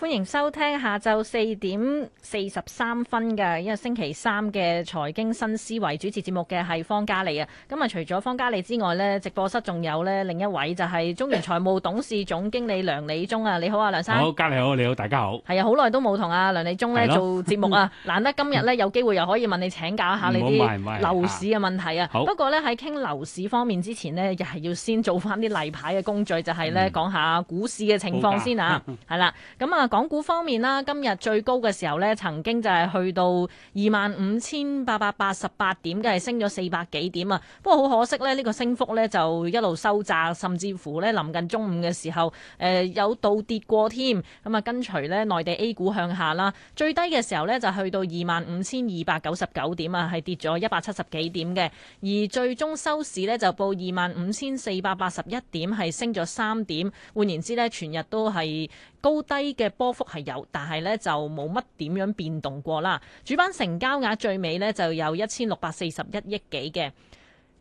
歡迎收聽下晝四點四十三分嘅一個星期三嘅財經新思維，主持節目嘅係方嘉莉啊，咁啊除咗方嘉莉之外呢，直播室仲有呢另一位就係中原財務董事總經理梁理中啊，你好啊梁生。嘉你好，好，你好，大家好。係啊，好耐都冇同阿梁理中呢是咯 做節目啊，難得今日呢，有機會又可以問你請教一下你啲樓市嘅問題啊。不過呢，喺傾樓市方面之前呢，又係要先做翻啲例牌嘅工序，就係、是、呢講一下股市嘅情況先啊，係啦好價，咁啊。港股方面啦，今日最高嘅時候咧，曾經就係去到二萬五千八百八十八點嘅，係升咗四百幾點啊。不過好可惜咧，呢個升幅咧就一路收窄，甚至乎咧臨近中午嘅時候，誒、呃、有倒跌過添。咁啊，跟隨咧內地 A 股向下啦。最低嘅時候咧就去到二萬五千二百九十九點啊，係跌咗一百七十幾點嘅。而最終收市咧就報二萬五千四百八十一點，係升咗三點。換言之咧，全日都係。高低嘅波幅係有，但係呢就冇乜點樣變動過啦。主板成交額最尾呢就有一千六百四十一億幾嘅。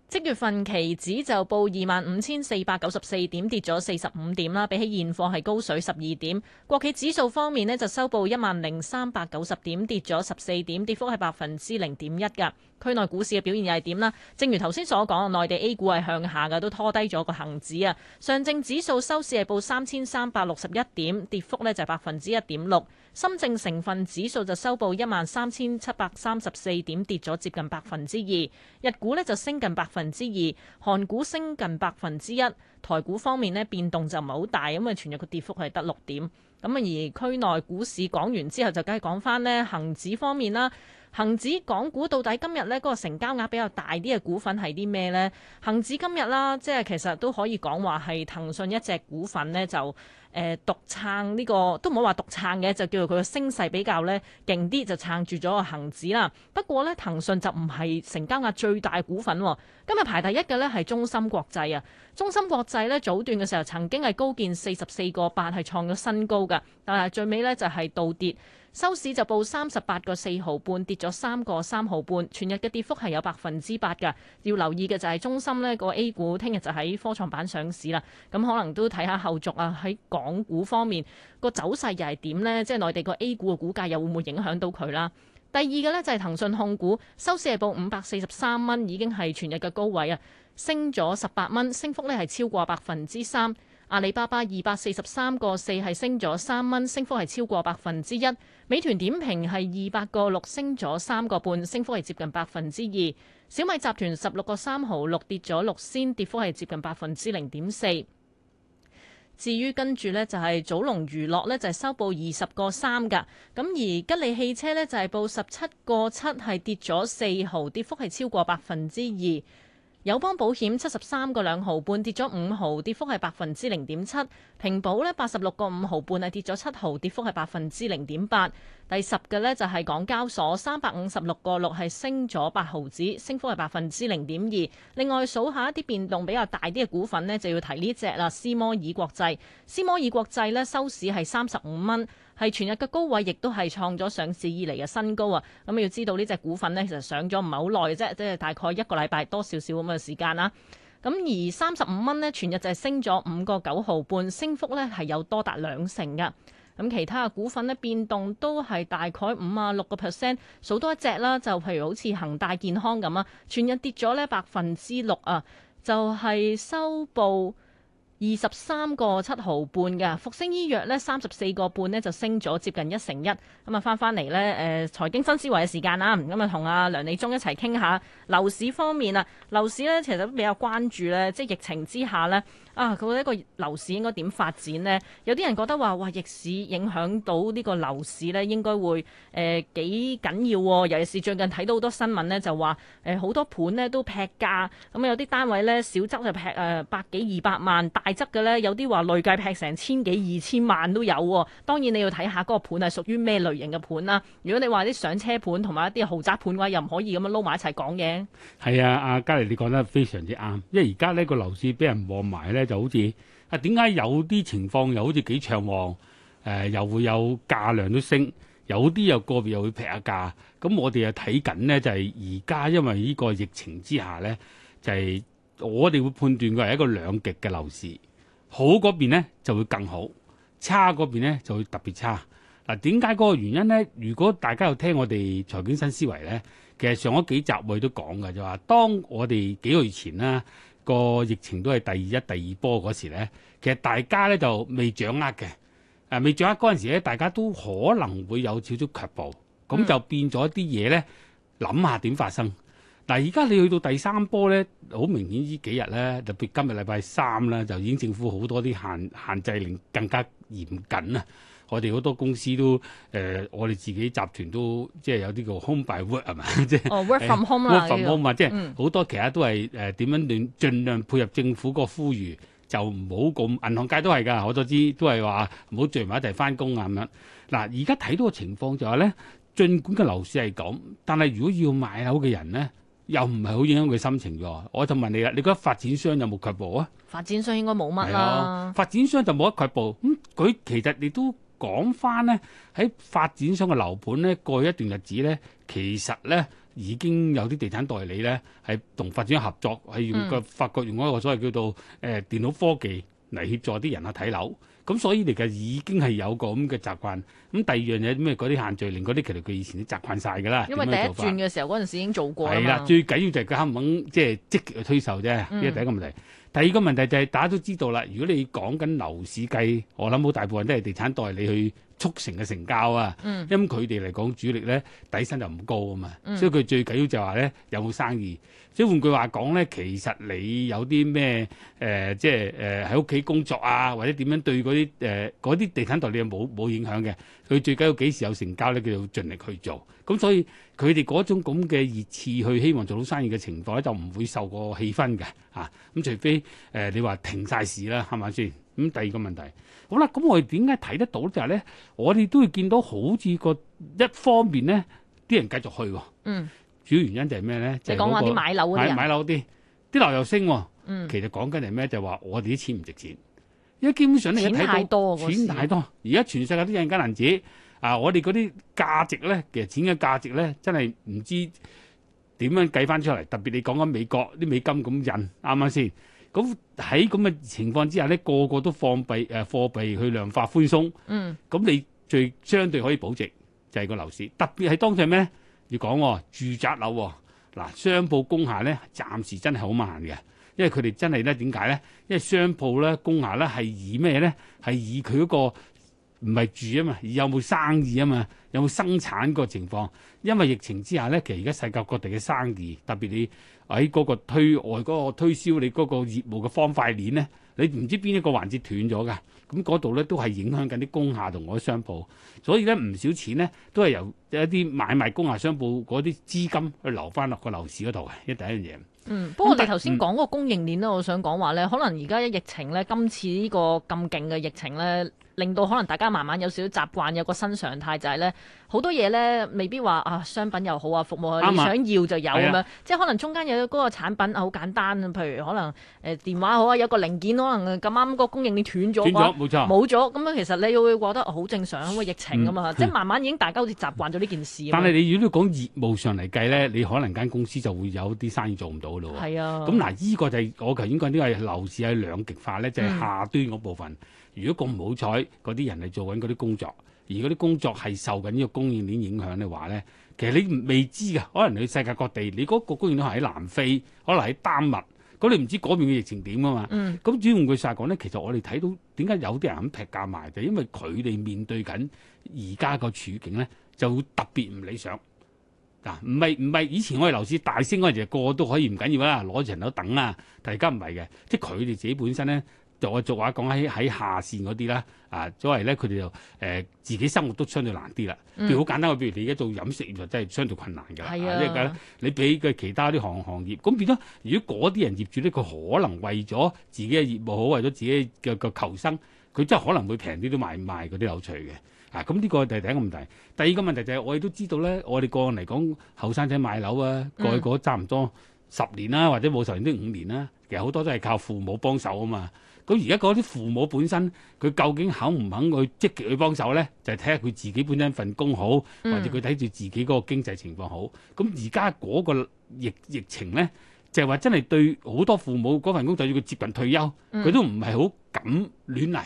即月份期指就報二萬五千四百九十四點，跌咗四十五點啦，比起現貨係高水十二點。國企指數方面呢就收報一萬零三百九十點，跌咗十四點，跌幅係百分之零點一㗎。區內股市嘅表現又係點呢？正如頭先所講，內地 A 股係向下㗎，都拖低咗個恒指啊。上證指數收市係報三千三百六十一點，跌幅呢就係百分之一點六。深證成分指數就收報一萬三千七百三十四點，跌咗接近百分之二。日股呢就升近百分之二，韓股升近百分之一。台股方面呢變動就唔係好大，因為全日個跌幅係得六點。咁啊，而區內股市講完之後，就梗係講返呢恒指方面啦。恒指港股到底今日呢，嗰個成交額比較大啲嘅股份係啲咩呢？恒指今日啦，即係其實都可以講話係騰訊一隻股份呢就誒、呃、獨撐呢個，都唔好話獨撐嘅，就叫做佢嘅升勢比較呢勁啲，就撐住咗個恒指啦。不過呢，騰訊就唔係成交額最大嘅股份喎，今日排第一嘅呢係中芯國際啊。中芯國際呢，早段嘅時候曾經係高見四十四個八，係創咗新高嘅，但係最尾呢，就係倒跌。收市就報三十八個四毫半，跌咗三個三毫半，全日嘅跌幅係有百分之八㗎。要留意嘅就係中心呢個 A 股，聽日就喺科創板上市啦。咁可能都睇下後續啊，喺港股方面，個走勢又係點呢？即係內地個 A 股嘅股價又會唔會影響到佢啦？第二個呢就係騰訊控股，收市係報五百四十三蚊，已經係全日嘅高位啊，升咗十八蚊，升幅呢係超過百分之三。阿里巴巴二百四十三個四係升咗三蚊，升幅係超過百分之一。美團點評係二百個六升咗三個半，升幅係接近百分之二。小米集團十六個三毫六跌咗六仙，跌幅係接近百分之零點四。至於跟住呢，就係祖龍娛樂呢，就係收報二十個三㗎，咁而吉利汽車呢，就係報十七個七係跌咗四毫，跌幅係超過百分之二。友邦保險七十三個兩毫半跌咗五毫，跌幅係百分之零點七。平保八十六個五毫半係跌咗七毫，跌幅係百分之零點八。第十嘅呢就係港交所三百五十六個六係升咗八毫子，升幅係百分之零點二。另外數一下一啲變動比較大啲嘅股份呢，就要提呢隻啦，斯摩爾國際。斯摩爾國際呢收市係三十五蚊。係全日嘅高位，亦都係創咗上市以嚟嘅新高啊！咁要知道呢隻股份呢，其實上咗唔係好耐嘅啫，即係大概一個禮拜多少少咁嘅時間啦。咁而三十五蚊呢，全日就係升咗五個九毫半，升幅呢係有多達兩成嘅。咁其他嘅股份呢，變動都係大概五啊六個 percent，數多一隻啦，就譬如好似恒大健康咁啊，全日跌咗呢百分之六啊，就係、是、收報，二十三個七毫半嘅，復星醫藥呢，三十四個半呢，就升咗接近一成一，咁啊翻翻嚟呢，誒、呃、財經新思維嘅時間啦，咁啊同阿梁理中一齊傾下樓市方面啊，樓市呢，其實都比較關注呢。即係疫情之下呢，啊，佢覺得個樓市應該點發展呢？有啲人覺得話，哇，逆市影響到呢個樓市呢，應該會誒幾緊要喎，尤其是最近睇到好多新聞呢，就話誒好多盤呢都劈價，咁有啲單位呢，少則就劈誒、呃、百幾二百萬，係執嘅咧，有啲話累計劈成千幾、二千萬都有、哦。當然你要睇下嗰個盤係屬於咩類型嘅盤啦。如果你話啲上車盤同埋一啲豪宅盤嘅話，又唔可以咁樣撈埋一齊講嘅。係啊，阿嘉麗，你講得非常之啱。因為而家呢個樓市俾人望埋咧，就好似啊，點解有啲情況又好似幾暢旺，誒、呃，又會有價量都升，有啲又個別又會劈下價。咁我哋又睇緊呢，就係而家，因為呢個疫情之下咧，就係、是。我哋會判斷佢係一個兩極嘅樓市，好嗰邊呢就會更好，差嗰邊呢就會特別差。嗱、啊，點解嗰個原因呢？如果大家有聽我哋財經新思維呢，其實上咗幾集我哋都講嘅，就話當我哋幾個月前啦，個疫情都係第一、第二波嗰時呢，其實大家呢就未掌握嘅，誒、啊、未掌握嗰陣時呢，大家都可能會有少少卻步，咁就變咗啲嘢呢，諗下點發生。嗱，而家你去到第三波咧，好明顯呢幾日咧，特別今日禮拜三啦，就已經政府好多啲限限制令更加嚴緊啦。我哋好多公司都誒、呃，我哋自己集團都即係有啲叫 home by work 係嘛？即係 work from home 啦，work from home 嘛，即係好多其他都係誒，點樣盡儘量配合政府個呼籲，就唔好咁，銀行界都係㗎，好多啲都係話唔好聚埋一齊翻工啊，咁樣。嗱，而家睇到個情況就係、是、咧，儘管個樓市係咁，但係如果要買樓嘅人咧，又唔係好影響佢心情㗎，我就問你啦，你覺得發展商有冇卻步啊？發展商應該冇乜啦。嗯、發展商就冇得卻步。咁佢其實你都講翻咧，喺發展商嘅樓盤咧，過去一段日子咧，其實咧已經有啲地產代理咧係同發展商合作，係用個發覺用一個所謂叫做誒電腦科技嚟協助啲人去睇樓。咁所以嚟嘅已經係有個咁嘅習慣，咁第二樣嘢咩，嗰啲限聚令嗰啲，其實佢以前都習慣晒㗎啦。因為第一轉嘅時候嗰陣時已經做過啦。係啦，最緊要就係佢肯唔肯即係積極去推售啫。呢係第一個問題，嗯、第二個問題就係、是、大家都知道啦。如果你講緊樓市計，我諗好大部分都係地產代理去促成嘅成交啊，因為佢哋嚟講主力咧，底薪就唔高啊嘛、嗯，所他有有，所以佢最緊要就係話咧，有冇生意。即換句話講咧，其實你有啲咩、呃、即係誒喺屋企工作啊，或者點樣，對嗰啲嗰啲地產代理冇冇影響嘅。佢最緊要幾時有成交咧，佢就要盡力去做。咁所以佢哋嗰種咁嘅熱刺去希望做到生意嘅情況咧，就唔會受過氣氛嘅咁、啊、除非、呃、你話停晒事啦，係咪先？咁第二個問題，好啦，咁我哋點解睇得到就係咧，我哋都會見到好似個一方面咧，啲人繼續去喎、啊。嗯，主要原因就係咩咧？就係講話啲買樓嗰啲，買樓嗰啲，啲樓又升。嗯，其實講緊係咩？就係話我哋啲錢唔值錢，因為基本上你睇到錢太多、啊、錢太多，而家 全世界都印緊銀紙啊！我哋嗰啲價值咧，其實錢嘅價值咧，真係唔知點樣計翻出嚟。特別你講緊美國啲美金咁印，啱唔啱先？咁喺咁嘅情況之下咧，個個都放幣誒，貨幣去量化寬鬆。嗯，咁你最相對可以保值就係、是、個樓市，特別係當代咩？要講、哦、住宅樓嗱、哦，商鋪工廈咧，暫時真係好慢嘅，因為佢哋真係咧點解咧？因為商鋪咧工廈咧係以咩咧？係以佢嗰個。唔係住啊嘛，有冇生意啊嘛？有冇生產個情況？因為疫情之下咧，其實而家世界各地嘅生意，特別你喺嗰個推外嗰個推銷你嗰個業務嘅方塊鏈咧，你唔知邊一個環節斷咗㗎，咁嗰度咧都係影響緊啲工廈同我啲商鋪，所以咧唔少錢咧都係由一啲買賣工廈商鋪嗰啲資金去流翻落個樓市嗰度嘅。一第一樣嘢。嗯，不過我哋頭先講個供應鏈咧，嗯、我想講話咧，可能而家嘅疫情咧，嗯、今次呢個咁勁嘅疫情咧。令到可能大家慢慢有少少習慣，有個新常態就係咧。好多嘢咧，未必話啊，商品又好啊，服務又好吧，你想要就有咁樣。的即可能中間有嗰個產品好簡單，譬如可能誒、呃、電話好啊，有個零件可能咁啱個供應鏈斷咗，冇錯，冇咗。咁樣其實你會覺得好正常，因為疫情啊嘛，嗯嗯、即慢慢已經大家好似習慣咗呢件事。但係你如果講業務上嚟計咧，你可能間公司就會有啲生意做唔到咯。係啊的，咁嗱，依個就係、是、我頭先講呢個樓市係兩極化咧，就係、是、下端嗰部分，嗯、如果咁唔好彩，嗰啲人係做緊嗰啲工作。而嗰啲工作係受緊呢個供應鏈影響嘅話咧，其實你未知㗎，可能你世界各地，你嗰個供應鏈係喺南非，可能喺丹麥，咁你唔知嗰邊嘅疫情點啊嘛。咁只、嗯、要換句話講咧，其實我哋睇到點解有啲人肯劈價賣就係、因為佢哋面對緊而家個處境咧，就會特別唔理想。嗱、啊，唔係唔係，以前我哋樓市大升嗰陣時候，個個都可以唔緊要啦，攞住層樓等啊，但而家唔係嘅，即係佢哋自己本身咧。就我俗話講喺喺下線嗰啲啦，啊，所謂咧佢哋就誒、呃、自己生活都相對難啲啦。譬如好、嗯、簡單，我譬如你而家做飲食業，真、就、係、是、相對困難嘅。係啊，即係、啊就是、你俾佢其他啲行行業，咁變咗，如果嗰啲人業主咧，佢可能為咗自己嘅業務好，為咗自己嘅嘅求生，佢真可能會平啲都賣賣嗰啲樓出嚟嘅。啊，咁呢個就係第一個問題。第二個問題就係、是、我哋都知道咧，我哋個人嚟講，後生仔買樓啊，蓋、嗯、過去差唔多十年啦、啊，或者冇十年都五年啦、啊，其實好多都係靠父母幫手啊嘛。咁而家嗰啲父母本身，佢究竟肯唔肯去積極去幫手咧？就係睇下佢自己本身份工好，或者佢睇住自己嗰個經濟情況好。咁而家嗰個疫疫情咧，就係話真係對好多父母嗰份工就要佢接近退休，佢都唔係好敢亂嚟，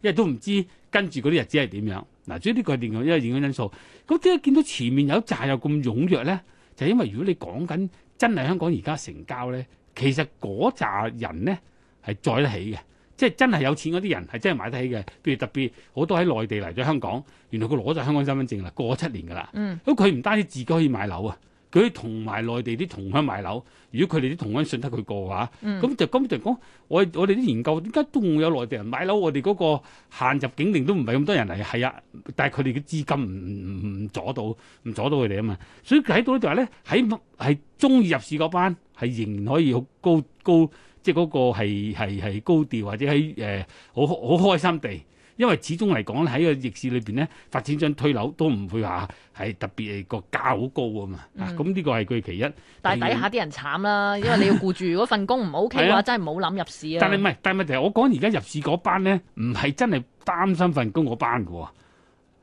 因為都唔知跟住嗰啲日子係點樣。嗱、啊，所以呢個係另外一個影響因素。咁點解見到前面有一扎又咁踴躍咧？就係因為如果你講緊真係香港而家成交咧，其實嗰扎人咧係載得起嘅。即係真係有錢嗰啲人係真係買得起嘅，譬如特別好多喺內地嚟咗香港，原來佢攞咗香港身份證啦，過咗七年噶啦。咁佢唔單止自己可以買樓啊，佢同埋內地啲同鄉買樓。如果佢哋啲同鄉信得佢過嘅話，咁、嗯、就根本就講我我哋啲研究點解都會有內地人買樓？我哋嗰個限入境令都唔係咁多人嚟係啊，但係佢哋嘅資金唔唔唔阻到，唔阻到佢哋啊嘛。所以喺到這呢度咧，喺係中意入市嗰班係仍然可以好高高。高即係嗰個係係高調，或者喺誒好好開心地，因為始終嚟講喺個逆市裏邊咧，發展商推樓都唔會話係特別係個價好高啊嘛！嗯、啊，咁呢個係佢其一。但係底下啲人慘啦，嗯、因為你要顧住嗰份 工唔 OK 嘅話，啊、真係唔好諗入市、啊但。但係唔係，但係問題係我講而家入市嗰班咧，唔係真係擔心份工嗰班嘅喎。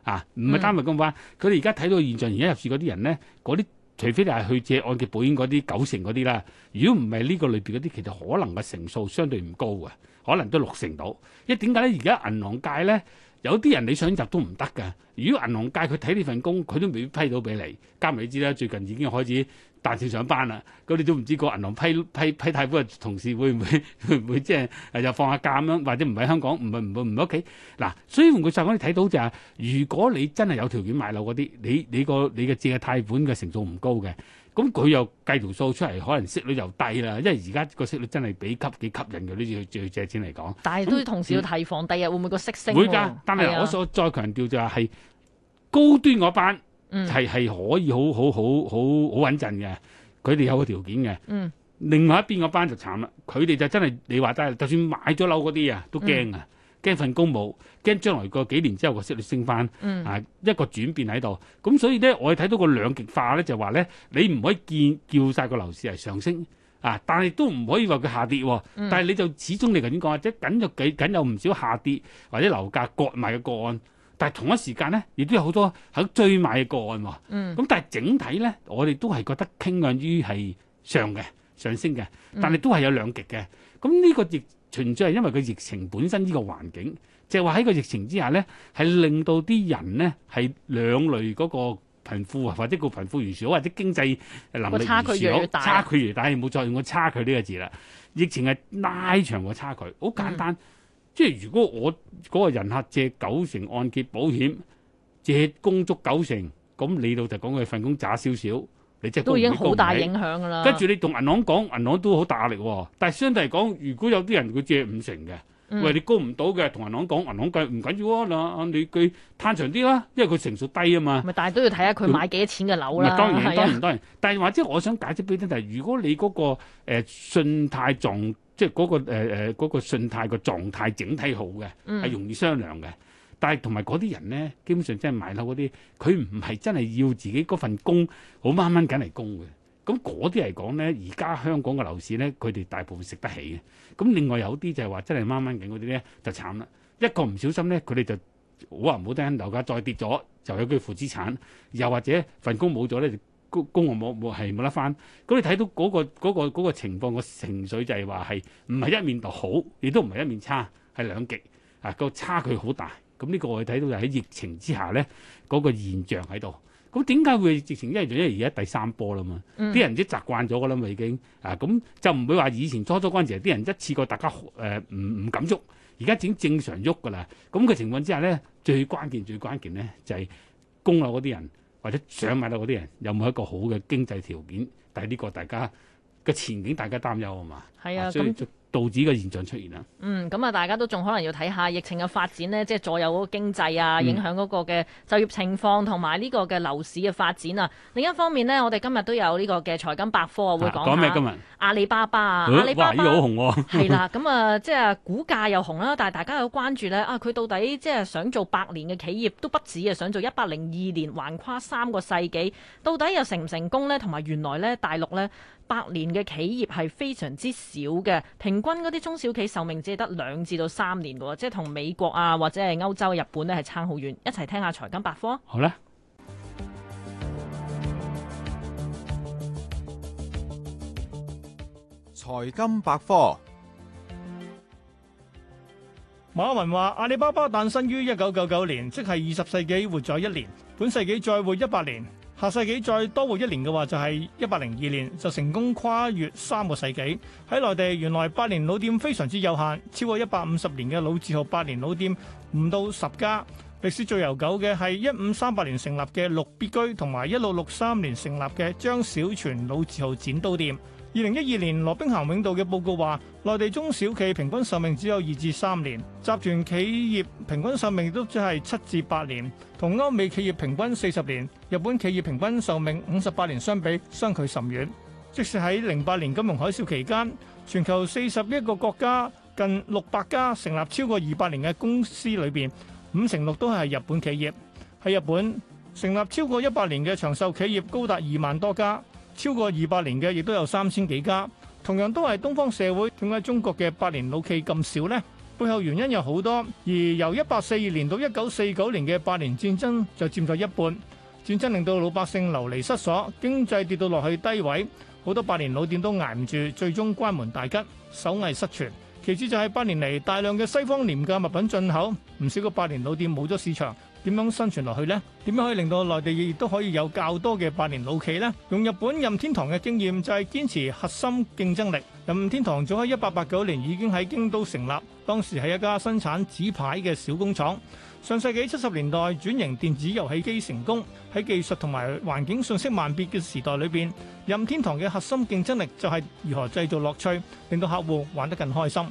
啊，唔係擔心份工班，佢哋而家睇到現象，而家入市嗰啲人咧，啲。除非你係去借按揭保險嗰啲九成嗰啲啦，如果唔係呢個裏邊嗰啲，其實可能嘅成數相對唔高嘅，可能都六成到。因為點解咧？而家銀行界咧？有啲人你想入都唔得噶，如果銀行界佢睇呢份工，佢都未必批到俾你。加埋你知啦，最近已經開始彈性上班啦。咁你都唔知個銀行批批批，批貸款嘅同事會唔會會唔會即係又放下假咁樣，或者唔喺香港，唔係唔會唔喺屋企。嗱、啊，所以換句曬講，你睇到就係、是，如果你真係有條件買樓嗰啲，你你個你嘅借嘅貸款嘅成數唔高嘅。咁佢又計條數出嚟，可能息率又低啦。因為而家個息率真係比吸幾吸引嘅，呢要借借錢嚟講。但係都要同時要提防第日啊，那會唔會個息會升？會㗎。但係我所再強調就係高端嗰班係係可以好好好好好穩陣嘅，佢哋有個條件嘅。嗯。另外一邊嗰班就慘啦，佢哋就真係你話齋，就算買咗樓嗰啲啊，都驚啊。嗯驚份工冇，驚將來個幾年之後個息率升翻，嗯、啊一個轉變喺度，咁所以咧我哋睇到個兩極化咧就係話咧，你唔可以見叫晒個樓市係上升，啊，但係都唔可以話佢下跌，嗯、但係你就始終你頭先講啊，即係緊有幾緊有唔少下跌或者樓價割賣嘅個案，但係同一時間咧，亦都有好多喺追買嘅個案，咁、嗯啊、但係整體咧，我哋都係覺得傾向於係上嘅上升嘅，但係都係有兩極嘅，咁呢個亦。純粹係因為個疫情本身呢個環境，就係話喺個疫情之下咧，係令到啲人咧係兩類嗰個貧富，或者個貧富懸殊，或者經濟能力差距，差距越大，冇再用個差距呢個字啦。疫情係拉長個差距，好簡單。嗯、即係如果我嗰、嗰個人客借九成按揭保險，借供足九成，咁你老實講，佢份工渣少少。你即都已經好大影響㗎啦，跟住你同銀行講，銀行都好大壓力喎、哦。但係相對嚟講，如果有啲人佢借五成嘅，嗯、喂，你高唔到嘅，同銀行講，銀行計唔緊要啊。你佢攤長啲啦，因為佢成數低啊嘛。咪但係都要睇下佢買幾多錢嘅樓啦。當然當然當然。是啊、但係或者，我想解釋俾你聽係，如果你嗰、嗰個、呃、信貸狀，即係、嗰、嗰個誒誒嗰個、呃、信貸個狀態整體好嘅，係、嗯、容易商量嘅。但係同埋嗰啲人咧，基本上真係買樓嗰啲，佢唔係真係要自己嗰份工好掹掹緊嚟供嘅。咁嗰啲嚟講咧，而家香港嘅樓市咧，佢哋大部分食得起嘅。咁另外有啲就係話真係掹掹緊嗰啲咧，就慘啦。一個唔小心咧，佢哋就我話唔好聽，哇到樓價再跌咗就有佢負資產，又或者份工冇咗咧，工工我冇冇係冇得翻。咁你睇到嗰個、嗰個、嗰個情況嘅情緒就係話係唔係一面度好，亦都唔係一面差，係兩極啊，個差距好大。咁呢個我哋睇到就喺疫情之下咧，嗰個現象喺度。咁點解會疫情？因為因為而家第三波啦嘛，啲、嗯、人都習慣咗噶啦嘛已經。啊，咁就唔會話以前初初嗰陣時啲人一次過大家誒唔唔敢喐，而家整正常喐噶啦。咁嘅情況之下咧，最關鍵最關鍵咧就係供樓嗰啲人或者想買樓嗰啲人、嗯、有冇一個好嘅經濟條件？但係呢個大家嘅前景，大家擔憂吖嘛？係啊，導致嘅現象出現啦！嗯，咁啊，大家都仲可能要睇下疫情嘅發展呢，即係左右嗰個經濟啊，影響嗰個嘅就業情況同埋呢個嘅樓市嘅發展啊。另一方面呢，我哋今日都有呢個嘅財金百科會講下。講咩今日？阿里巴巴啊，說阿里巴巴好紅喎。係啦，咁啊，即係股價又紅啦，但係大家有關注呢，啊，佢到底即係想做百年嘅企業，都不止啊，想做一百零二年，橫跨三個世紀，到底又成唔成功呢？同埋原來呢，大陸呢百年嘅企業係非常之少嘅。平均嗰啲中小企壽命只係得兩至到三年嘅，即係同美國啊或者係歐洲、日本咧係差好遠。一齊聽下財金百科。好咧，財金百科。馬雲話：阿里巴巴誕生於一九九九年，即係二十世紀活咗一年，本世紀再活一百年。下世紀再多活一年嘅話，就係一百零二年，就成功跨越三個世紀。喺內地，原來百年老店非常之有限，超過一百五十年嘅老字號百年老店唔到十家。歷史最悠久嘅係一五三八年成立嘅六必居，同埋一六六三年成立嘅張小泉老字號剪刀店。二零一二年，羅兵咸永道嘅報告話，內地中小企平均壽命只有二至三年，集團企業平均壽命都只係七至八年，同歐美企業平均四十年、日本企業平均壽命五十八年相比，相距甚遠。即使喺零八年金融海嘯期間，全球四十一個國家近六百家成立超過二百年嘅公司裏邊，五成六都係日本企業。喺日本，成立超過一百年嘅長壽企業高達二萬多家。超過二百年嘅亦都有三千幾家，同樣都係東方社會。點解中國嘅百年老企咁少呢？背後原因有好多。而由一八四二年到一九四九年嘅百年戰爭就佔咗一半。戰爭令到老百姓流離失所，經濟跌到落去低位，好多百年老店都捱唔住，最終關門大吉，手藝失傳。其次就係八年嚟大量嘅西方廉價物品進口，唔少嘅百年老店冇咗市場，點樣生存落去呢？點樣可以令到內地亦都可以有較多嘅百年老企呢？用日本任天堂嘅經驗就係堅持核心競爭力。任天堂早喺一八八九年已經喺京都成立，當時係一家生產紙牌嘅小工廠。上世紀七十年代轉型電子遊戲機成功，喺技術同埋環境瞬息萬變嘅時代裏面，任天堂嘅核心競爭力就係如何製造樂趣，令到客戶玩得更開心。